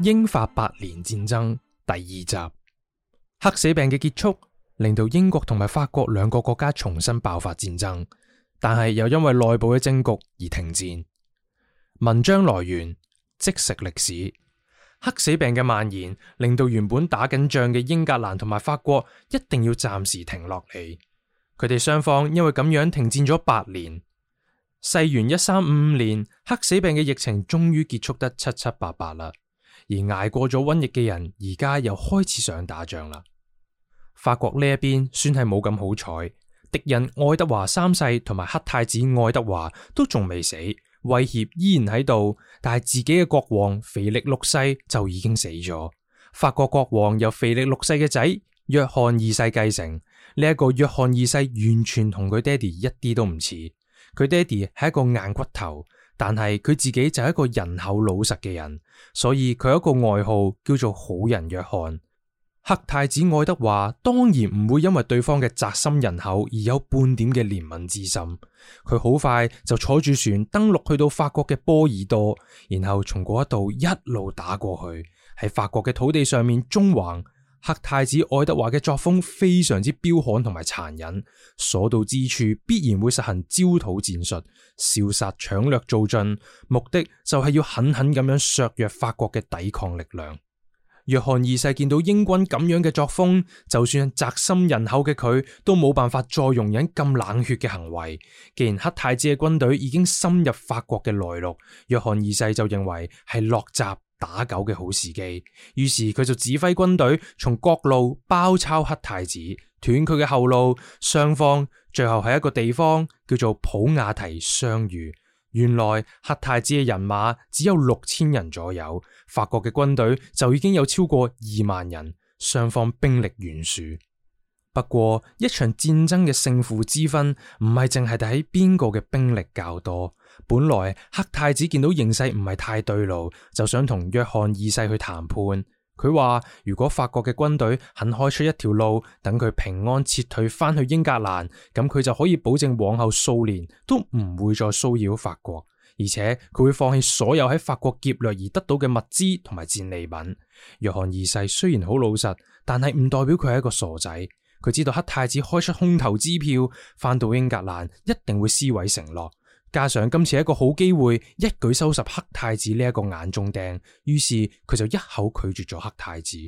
英法百年戰爭第二集，黑死病嘅結束令到英國同埋法國兩個國家重新爆發戰爭，但係又因為內部嘅政局而停戰。文章來源即食歷史，黑死病嘅蔓延令到原本打緊仗嘅英格蘭同埋法國一定要暫時停落嚟。佢哋雙方因為咁樣停戰咗八年，西元一三五五年，黑死病嘅疫情終於結束得七七八八啦。而挨過咗瘟疫嘅人，而家又開始想打仗啦。法國呢一邊，算係冇咁好彩，敵人愛德華三世同埋黑太子愛德華都仲未死，威脅依然喺度，但係自己嘅國王腓力六世就已經死咗。法國國王由腓力六世嘅仔約翰二世繼承，呢一個約翰二世完全同佢爹哋一啲都唔似，佢爹哋係一個硬骨頭。但係佢自己就係一個仁厚老實嘅人，所以佢有一個外號叫做好人約翰。黑太子愛德華當然唔會因為對方嘅宅心仁厚而有半點嘅憐憫之心，佢好快就坐住船登陸去到法國嘅波爾多，然後從嗰一度一路打過去，喺法國嘅土地上面縱橫。黑太子愛德華嘅作風非常之彪悍同埋殘忍，所到之處必然會實行焦土戰術，燒殺搶掠造，做盡，目的就係要狠狠咁樣削弱法國嘅抵抗力量。約翰二世見到英軍咁樣嘅作風，就算宅心仁厚嘅佢，都冇辦法再容忍咁冷血嘅行為。既然黑太子嘅軍隊已經深入法國嘅內陸，約翰二世就認為係落閘。打狗嘅好時機，於是佢就指揮軍隊從各路包抄黑太子，斷佢嘅後路。雙方最後喺一個地方叫做普瓦堤相遇。原來黑太子嘅人馬只有六千人左右，法國嘅軍隊就已經有超過二萬人。雙方兵力懸殊。不過一場戰爭嘅勝負之分，唔係淨係睇邊個嘅兵力較多。本來黑太子見到形勢唔係太對路，就想同約翰二世去談判。佢話如果法國嘅軍隊肯開出一條路，等佢平安撤退翻去英格蘭，咁佢就可以保證往後數年都唔會再騷擾法國，而且佢會放棄所有喺法國劫掠而得到嘅物資同埋戰利品。約翰二世雖然好老實，但係唔代表佢係一個傻仔。佢知道黑太子開出空頭支票翻到英格蘭，一定會撕毀承諾。加上今次一個好機會，一舉收拾黑太子呢一個眼中釘，於是佢就一口拒絕咗黑太子。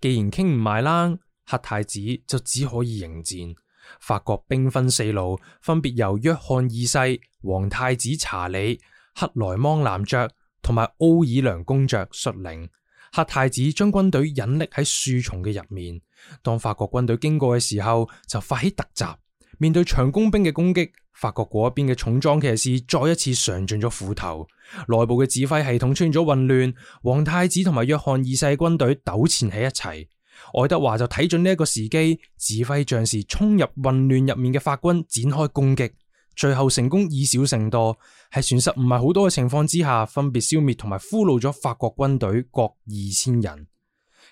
既然傾唔埋啦，黑太子就只可以迎戰。法國兵分四路，分別由約翰二世、皇太子查理、克萊芒男爵同埋奧爾良公爵率領。黑太子將軍隊隱匿喺樹叢嘅入面，當法國軍隊經過嘅時候，就發起突襲。面對長弓兵嘅攻擊，法國嗰一邊嘅重裝騎士再一次嘗盡咗苦頭。內部嘅指揮系統出現咗混亂，皇太子同埋約翰二世軍隊糾纏喺一齊。愛德華就睇準呢一個時機，指揮將士衝入混亂入面嘅法軍展開攻擊，最後成功以少勝多，喺損失唔係好多嘅情況之下，分別消滅同埋俘虜咗法國軍隊各二千人。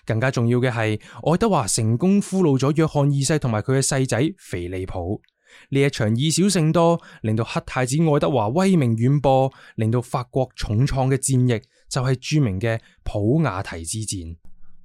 更加重要嘅係，愛德華成功俘虜咗約翰二世同埋佢嘅細仔肥利普。呢一場以少勝多，令到黑太子愛德華威名遠播，令到法國重創嘅戰役就係著名嘅普瓦提之戰。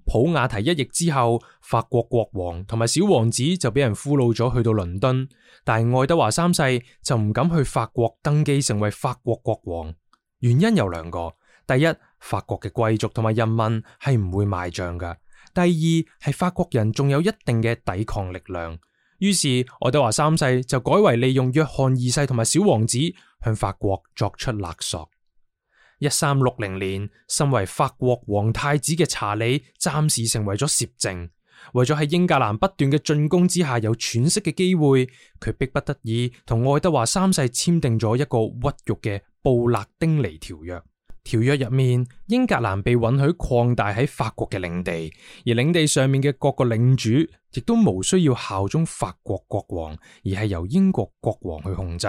普瓦提一役之後，法國國王同埋小王子就俾人俘虜咗去到倫敦，但係愛德華三世就唔敢去法國登基成為法國國王，原因有兩個，第一。法國嘅貴族同埋人民係唔會賣賬噶。第二係法國人仲有一定嘅抵抗力量。於是愛德華三世就改為利用約翰二世同埋小王子向法國作出勒索。一三六零年，身為法國皇太子嘅查理暫時成為咗攝政，為咗喺英格蘭不斷嘅進攻之下有喘息嘅機會，佢迫不得已同愛德華三世簽訂咗一個屈辱嘅布勒丁尼條約。條約入面，英格蘭被允許擴大喺法國嘅領地，而領地上面嘅各個領主亦都無需要效忠法國國王，而係由英國國王去控制。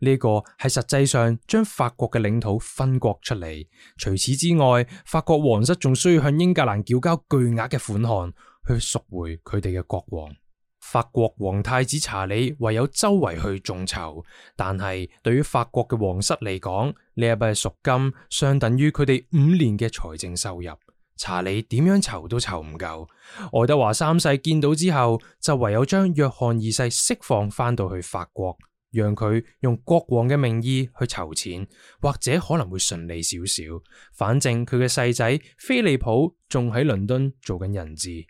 呢個係實際上將法國嘅領土分割出嚟。除此之外，法國皇室仲需要向英格蘭繳交巨額嘅款項去贖回佢哋嘅國王。法國皇太子查理唯有周圍去眾籌，但係對於法國嘅皇室嚟講。呢一筆贖金，相等於佢哋五年嘅財政收入。查理點樣籌都籌唔夠。愛德華三世見到之後，就唯有將約翰二世釋放翻到去法國，讓佢用國王嘅名義去籌錢，或者可能會順利少少。反正佢嘅細仔菲利普仲喺倫敦做緊人質。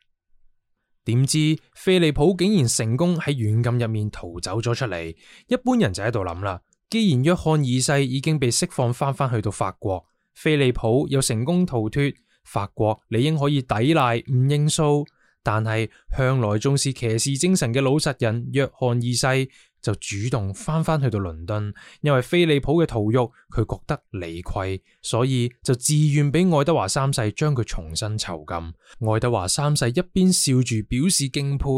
點知菲利普竟然成功喺軟禁入面逃走咗出嚟，一般人就喺度諗啦。既然約翰二世已經被釋放翻返去到法國，菲利普又成功逃脫，法國理應可以抵賴唔認數。但係向來重視騎士精神嘅老實人約翰二世就主動翻返去到倫敦，因為菲利普嘅逃獄佢覺得理虧，所以就自願俾愛德華三世將佢重新囚禁。愛德華三世一邊笑住表示敬佩，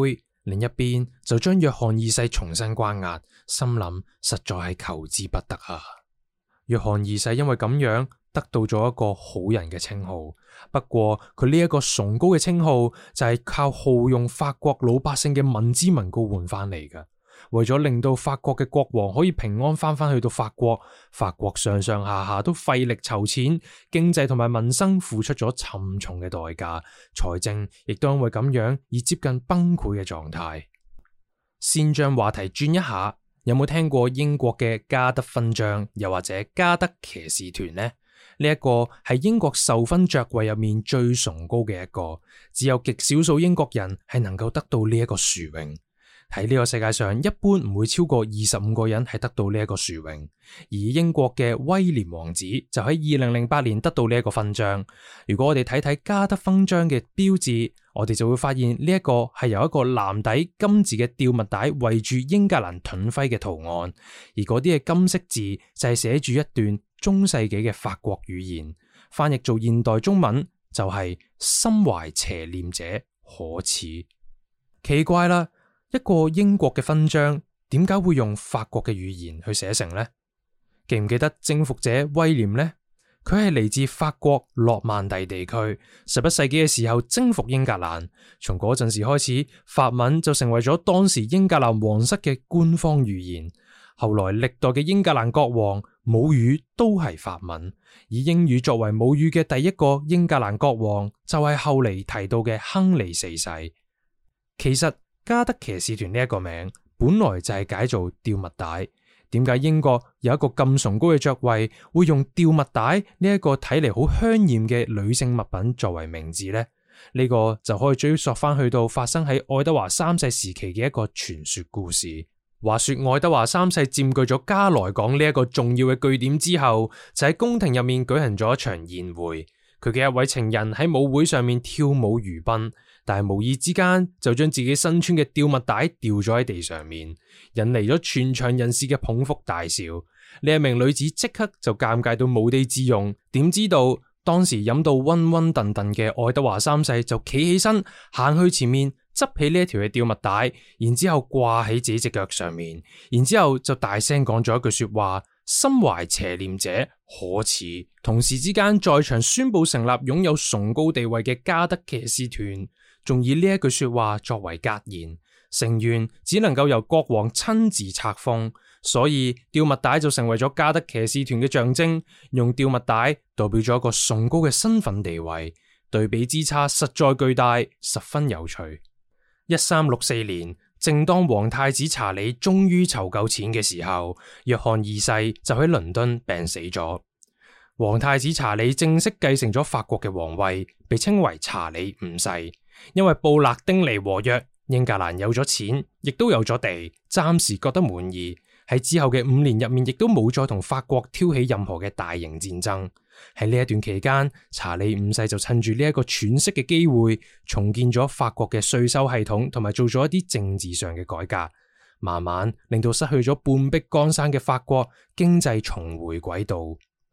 另一邊就將約翰二世重新關押。心諗實在係求之不得啊！約翰二世因為咁樣得到咗一個好人嘅稱號，不過佢呢一個崇高嘅稱號就係靠耗用法國老百姓嘅民脂民膏換翻嚟嘅。為咗令到法國嘅國王可以平安翻翻去到法國，法國上上下下都費力籌錢，經濟同埋民生付出咗沉重嘅代價，財政亦都因為咁樣而接近崩潰嘅狀態。先將話題轉一下。有冇聽過英國嘅嘉德勳章，又或者嘉德騎士團呢？呢一個係英國授勳爵位入面最崇高嘅一個，只有極少數英國人係能夠得到呢一個殊榮。喺呢個世界上，一般唔會超過二十五個人係得到呢一個殊榮。而英國嘅威廉王子就喺二零零八年得到呢一個勳章。如果我哋睇睇嘉德勳章嘅標誌，我哋就會發現呢一個係由一個藍底金字嘅吊物帶圍住英格蘭盾徽嘅圖案。而嗰啲嘅金色字就係寫住一段中世紀嘅法國語言，翻譯做現代中文就係心懷邪念者可恥。奇怪啦！一個英國嘅勳章點解會用法國嘅語言去寫成呢？記唔記得征服者威廉呢？佢係嚟自法國諾曼第地區，十一世紀嘅時候征服英格蘭。從嗰陣時開始，法文就成為咗當時英格蘭皇室嘅官方語言。後來歷代嘅英格蘭國王母語都係法文，以英語作為母語嘅第一個英格蘭國王就係、是、後嚟提到嘅亨利四世。其實。加德騎士團呢一個名，本來就係解做吊襪帶，點解英國有一個咁崇高嘅爵位，會用吊襪帶呢一個睇嚟好香艷嘅女性物品作為名字呢？呢，呢個就可以追溯翻去到發生喺愛德華三世時期嘅一個傳說故事。話說愛德華三世占據咗加萊港呢一個重要嘅據點之後，就喺宮廷入面舉行咗一場宴會。佢嘅一位情人喺舞會上面跳舞如賓。但係無意之間就將自己身穿嘅吊物帶掉咗喺地上面，引嚟咗全場人士嘅捧腹大笑。呢一名女子即刻就尷尬到無地自容。點知道當時飲到昏昏沌沌嘅愛德華三世就企起身行去前面執起呢一條嘅吊物帶，然之後掛喺自己隻腳上面，然之後就大聲講咗一句說話：心懷邪念者可恥。同時之間在場宣布成立擁有崇高地位嘅嘉德騎士團。仲以呢一句說話作為格言，成員只能夠由國王親自冊封，所以吊物帶就成為咗嘉德騎士團嘅象徵，用吊物帶代，代表咗一個崇高嘅身份地位。對比之差實在巨大，十分有趣。一三六四年，正當皇太子查理終於籌夠錢嘅時候，約翰二世就喺倫敦病死咗。皇太子查理正式繼承咗法國嘅皇位，被稱為查理五世。因為布勒丁尼和約，英格蘭有咗錢，亦都有咗地，暫時覺得滿意。喺之後嘅五年入面，亦都冇再同法國挑起任何嘅大型戰爭。喺呢一段期間，查理五世就趁住呢一個喘息嘅機會，重建咗法國嘅稅收系統，同埋做咗一啲政治上嘅改革，慢慢令到失去咗半壁江山嘅法國經濟重回軌道。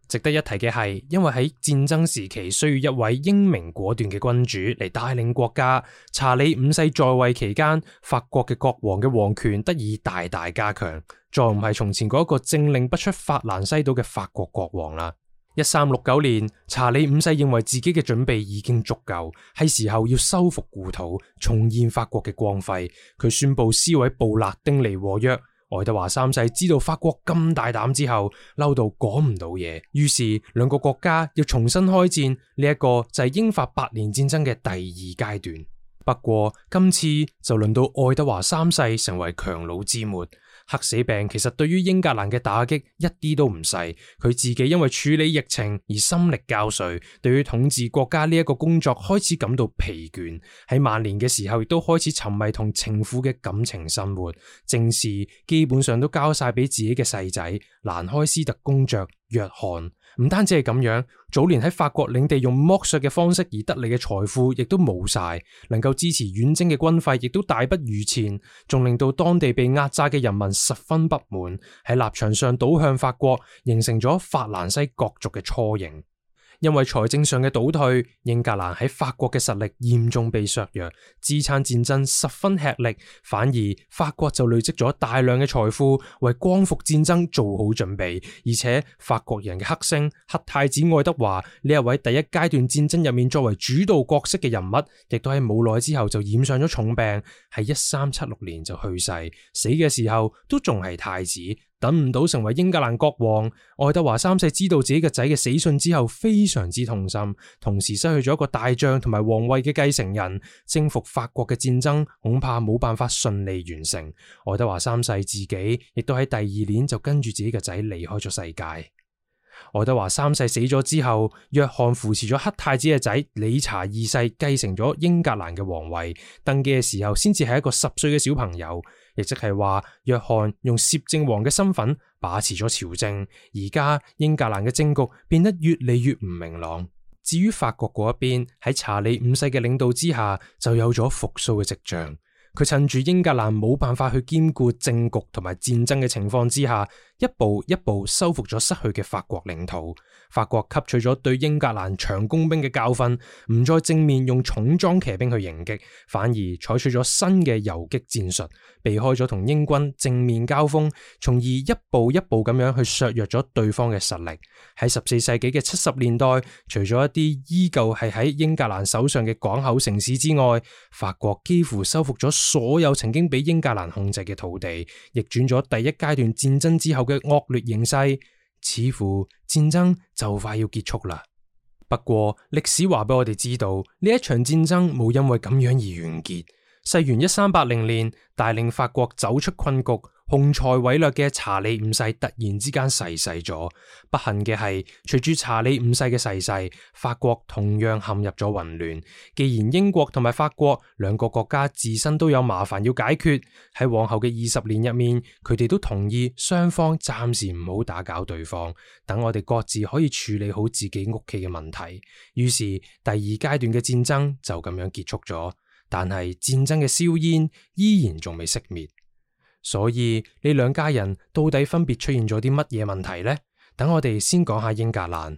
值得一提嘅係，因為喺戰爭時期需要一位英明果斷嘅君主嚟帶領國家。查理五世在位期間，法國嘅國王嘅皇權得以大大加強，再唔係從前嗰個政令不出法蘭西島嘅法國國王啦。一三六九年，查理五世認為自己嘅準備已經足夠，係時候要收復故土，重現法國嘅光輝。佢宣布撕毀布勒丁尼和約。愛德華三世知道法國咁大膽之後，嬲到講唔到嘢，於是兩個國家要重新開戰，呢一個就係英法百年戰爭嘅第二階段。不過今次就輪到愛德華三世成為強弩之末。黑死病其實對於英格蘭嘅打擊一啲都唔細，佢自己因為處理疫情而心力交瘁，對於統治國家呢一個工作開始感到疲倦。喺晚年嘅時候，亦都開始沉迷同情婦嘅感情生活，正事基本上都交晒俾自己嘅細仔蘭開斯特公爵約翰。唔單止係咁樣，早年喺法國領地用剝削嘅方式而得嚟嘅財富，亦都冇晒，能夠支持遠征嘅軍費，亦都大不如前，仲令到當地被壓榨嘅人民十分不滿，喺立場上倒向法國，形成咗法蘭西各族嘅雛形。因為財政上嘅倒退，英格蘭喺法國嘅實力嚴重被削弱，支撐戰爭十分吃力。反而法國就累積咗大量嘅財富，為光復戰爭做好準備。而且法國人嘅黑星黑太子愛德華呢一位第一階段戰爭入面作為主導角色嘅人物，亦都喺冇耐之後就染上咗重病，喺一三七六年就去世，死嘅時候都仲係太子。等唔到成為英格蘭國王，愛德華三世知道自己嘅仔嘅死訊之後，非常之痛心，同時失去咗一個大將同埋皇位嘅繼承人，征服法國嘅戰爭恐怕冇辦法順利完成。愛德華三世自己亦都喺第二年就跟住自己嘅仔離開咗世界。愛德華三世死咗之後，約翰扶持咗黑太子嘅仔理查二世繼承咗英格蘭嘅皇位，登基嘅時候先至係一個十歲嘅小朋友。亦即係話，約翰用攝政王嘅身份把持咗朝政，而家英格蘭嘅政局變得越嚟越唔明朗。至於法國嗰一邊，喺查理五世嘅領導之下，就有咗復甦嘅跡象。佢趁住英格蘭冇辦法去兼顧政局同埋戰爭嘅情況之下，一步一步收復咗失去嘅法國領土。法國吸取咗對英格蘭長弓兵嘅教訓，唔再正面用重裝騎兵去迎擊，反而採取咗新嘅遊擊戰術，避開咗同英軍正面交鋒，從而一步一步咁樣去削弱咗對方嘅實力。喺十四世紀嘅七十年代，除咗一啲依舊係喺英格蘭手上嘅港口城市之外，法國幾乎收復咗所有曾經被英格蘭控制嘅土地，逆轉咗第一階段戰爭之後嘅惡劣形勢，似乎戰爭就快要結束啦。不過歷史話俾我哋知道，呢一場戰爭冇因為咁樣而完結。西元一三八零年，帶領法國走出困局，雄才偉略嘅查理五世突然之間逝世咗，不幸嘅係，隨住查理五世嘅逝世，法國同樣陷入咗混亂。既然英國同埋法國兩個國家自身都有麻煩要解決，喺往後嘅二十年入面，佢哋都同意雙方暫時唔好打攪對方，等我哋各自可以處理好自己屋企嘅問題。於是第二階段嘅戰爭就咁樣結束咗，但係戰爭嘅硝煙依然仲未熄滅。所以，呢兩家人到底分別出現咗啲乜嘢問題呢？等我哋先講下英格蘭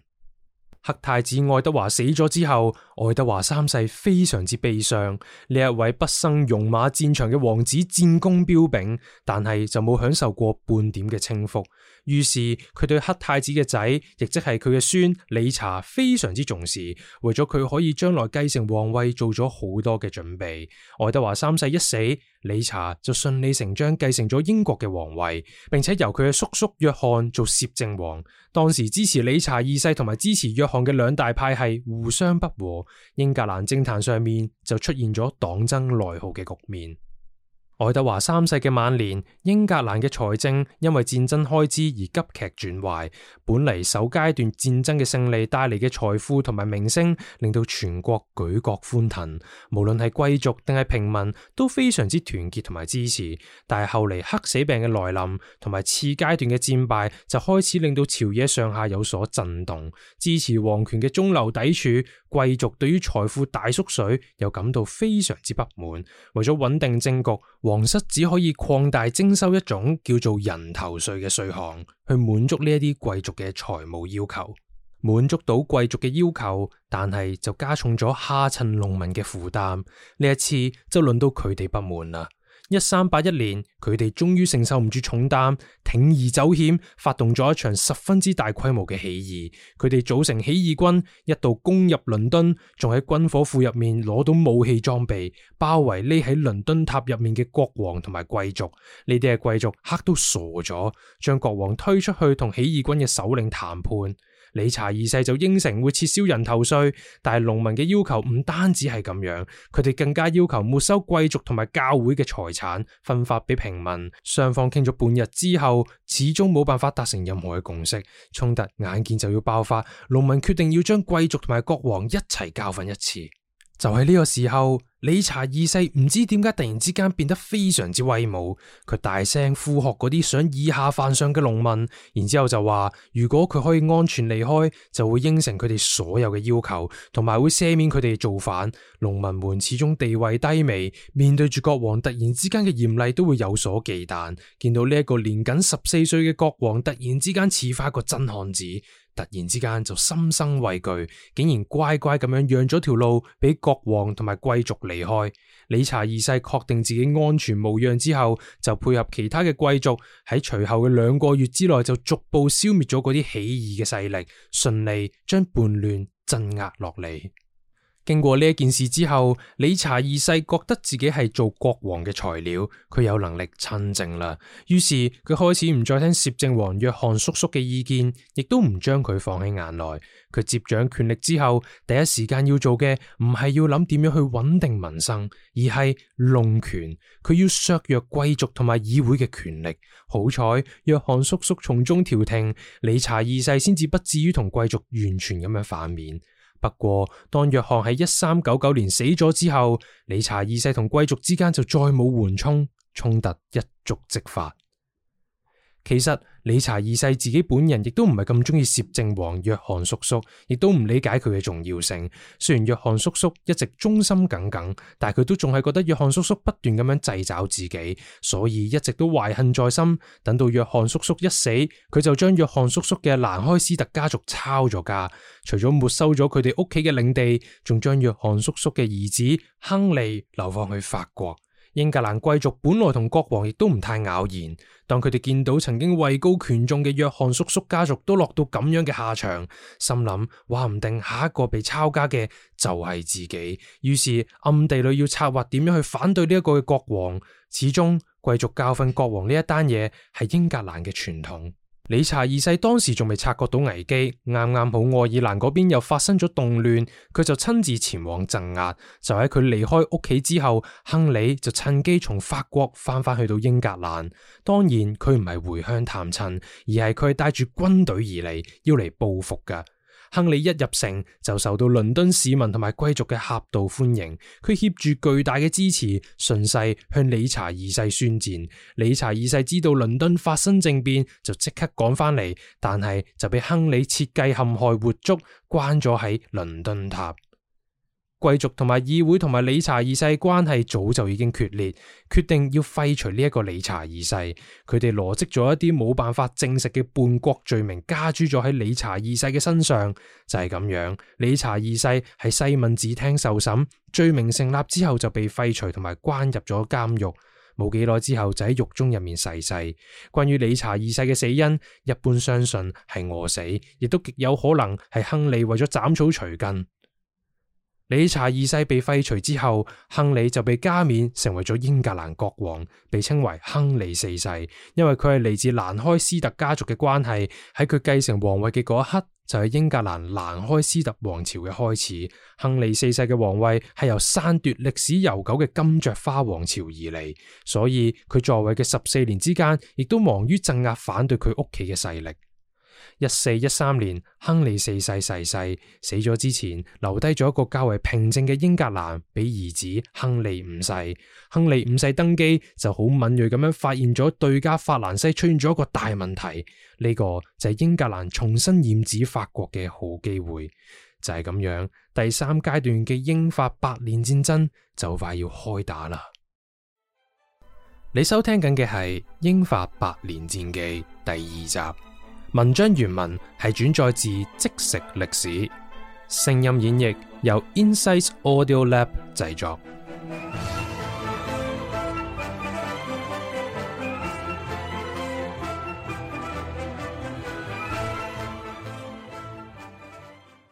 黑太子愛德華死咗之後，愛德華三世非常之悲傷。呢一位不生戎馬戰場嘅王子，戰功彪炳，但係就冇享受過半點嘅清福。於是佢對黑太子嘅仔，亦即係佢嘅孫理查非常之重視，為咗佢可以將來繼承皇位，做咗好多嘅準備。愛德華三世一死，理查就順理成章繼承咗英國嘅皇位，並且由佢嘅叔叔約翰做攝政王。當時支持理查二世同埋支持約翰嘅兩大派系互相不和，英格蘭政壇上面就出現咗黨爭內耗嘅局面。愛德華三世嘅晚年，英格蘭嘅財政因為戰爭開支而急劇轉壞。本嚟首階段戰爭嘅勝利帶嚟嘅財富同埋名聲，令到全國舉國歡騰，無論係貴族定係平民都非常之團結同埋支持。但係後嚟黑死病嘅來臨同埋次階段嘅戰敗，就開始令到朝野上下有所震動。支持皇權嘅中流砥柱，貴族對於財富大縮水又感到非常之不滿。為咗穩定政局，皇室只可以擴大徵收一種叫做人頭稅嘅稅項，去滿足呢一啲貴族嘅財務要求，滿足到貴族嘅要求，但係就加重咗下層農民嘅負擔。呢一次就輪到佢哋不滿啦。一三八一年，佢哋終於承受唔住重擔，鋌而走險，發動咗一場十分之大規模嘅起義。佢哋組成起義軍，一度攻入倫敦，仲喺軍火庫入面攞到武器裝備，包圍匿喺倫敦塔入面嘅國王同埋貴族。呢啲嘅貴族吓都傻咗，將國王推出去同起義軍嘅首領談判。理查二世就應承會撤銷人頭稅，但係農民嘅要求唔單止係咁樣，佢哋更加要求沒收貴族同埋教會嘅財產，分發俾平民。雙方傾咗半日之後，始終冇辦法達成任何嘅共識，衝突眼見就要爆發，農民決定要將貴族同埋國王一齊教訓一次。就喺呢個時候。理查二世唔知點解突然之間變得非常之威武，佢大聲呼喝嗰啲想以下犯上嘅農民，然之後就話如果佢可以安全離開，就會應承佢哋所有嘅要求，同埋會赦免佢哋造反。農民們始終地位低微，面對住國王突然之間嘅嚴厲都會有所忌憚。見到呢一個年僅十四歲嘅國王突然之間似返一個真漢子，突然之間就心生畏懼，竟然乖乖咁樣讓咗條路俾國王同埋貴族離開。理查二世確定自己安全無恙之後，就配合其他嘅貴族喺隨後嘅兩個月之內就逐步消滅咗嗰啲起義嘅勢力，順利將叛亂鎮壓落嚟。經過呢一件事之後，理查二世覺得自己係做國王嘅材料，佢有能力親政啦。於是佢開始唔再聽攝政王約翰叔叔嘅意見，亦都唔將佢放喺眼內。佢接掌權力之後，第一時間要做嘅唔係要諗點樣去穩定民生，而係弄權。佢要削弱貴族同埋議會嘅權力。好彩，約翰叔叔從中調停，理查二世先至不至於同貴族完全咁樣反面。不過，當約翰喺一三九九年死咗之後，理查二世同貴族之間就再冇緩衝，衝突一觸即發。其實理查二世自己本人亦都唔係咁中意攝政王約翰叔叔，亦都唔理解佢嘅重要性。雖然約翰叔叔一直忠心耿耿，但佢都仲係覺得約翰叔叔不斷咁樣掣肘自己，所以一直都懷恨在心。等到約翰叔叔一死，佢就將約翰叔叔嘅蘭開斯特家族抄咗家，除咗沒收咗佢哋屋企嘅領地，仲將約翰叔叔嘅兒子亨利流放去法國。英格蘭貴族本來同國王亦都唔太咬弦，當佢哋見到曾經位高權重嘅約翰叔叔家族都落到咁樣嘅下場，心諗話唔定下一個被抄家嘅就係自己，於是暗地裏要策劃點樣去反對呢一個嘅國王。始終貴族教訓國王呢一單嘢係英格蘭嘅傳統。理查二世當時仲未察覺到危機，啱啱好愛爾蘭嗰邊又發生咗動亂，佢就親自前往鎮壓。就喺佢離開屋企之後，亨利就趁機從法國翻返去到英格蘭。當然，佢唔係回鄉探親，而係佢帶住軍隊而嚟，要嚟報復㗎。亨利一入城就受到倫敦市民同埋貴族嘅夾道歡迎，佢挾住巨大嘅支持，順勢向理查二世宣戰。理查二世知道倫敦發生政變，就即刻趕翻嚟，但係就被亨利設計陷害活捉，關咗喺倫敦塔。貴族同埋議會同埋理查二世關係早就已經決裂，決定要廢除呢一個理查二世。佢哋羅織咗一啲冇辦法證實嘅叛國罪名，加諸咗喺理查二世嘅身上，就係、是、咁樣。理查二世喺西敏寺廳受審，罪名成立之後就被廢除同埋關入咗監獄。冇幾耐之後就喺獄中入面逝世。關於理查二世嘅死因，一般相信係餓死，亦都極有可能係亨利為咗斬草除根。理查二世被廢除之後，亨利就被加冕成為咗英格蘭國王，被稱為亨利四世，因為佢係嚟自蘭開斯特家族嘅關係，喺佢繼承皇位嘅嗰一刻，就係英格蘭蘭開斯特王朝嘅開始。亨利四世嘅皇位係由篡奪歷史悠久嘅金雀花王朝而嚟，所以佢在位嘅十四年之間，亦都忙於鎮壓反對佢屋企嘅勢力。一四一三年，亨利四世逝世，世，世，死咗之前留低咗一個較為平靜嘅英格蘭俾兒子亨利五世。亨利五世登基就好敏銳咁樣發現咗對家法蘭西出現咗一個大問題，呢、這個就係英格蘭重新染指法國嘅好機會。就係、是、咁樣，第三階段嘅英法百年戰爭就快要開打啦。你收聽緊嘅係《英法百年戰記》第二集。文章原文係轉載自《即食歷史》，聲音演繹由 Insight Audio Lab 製作。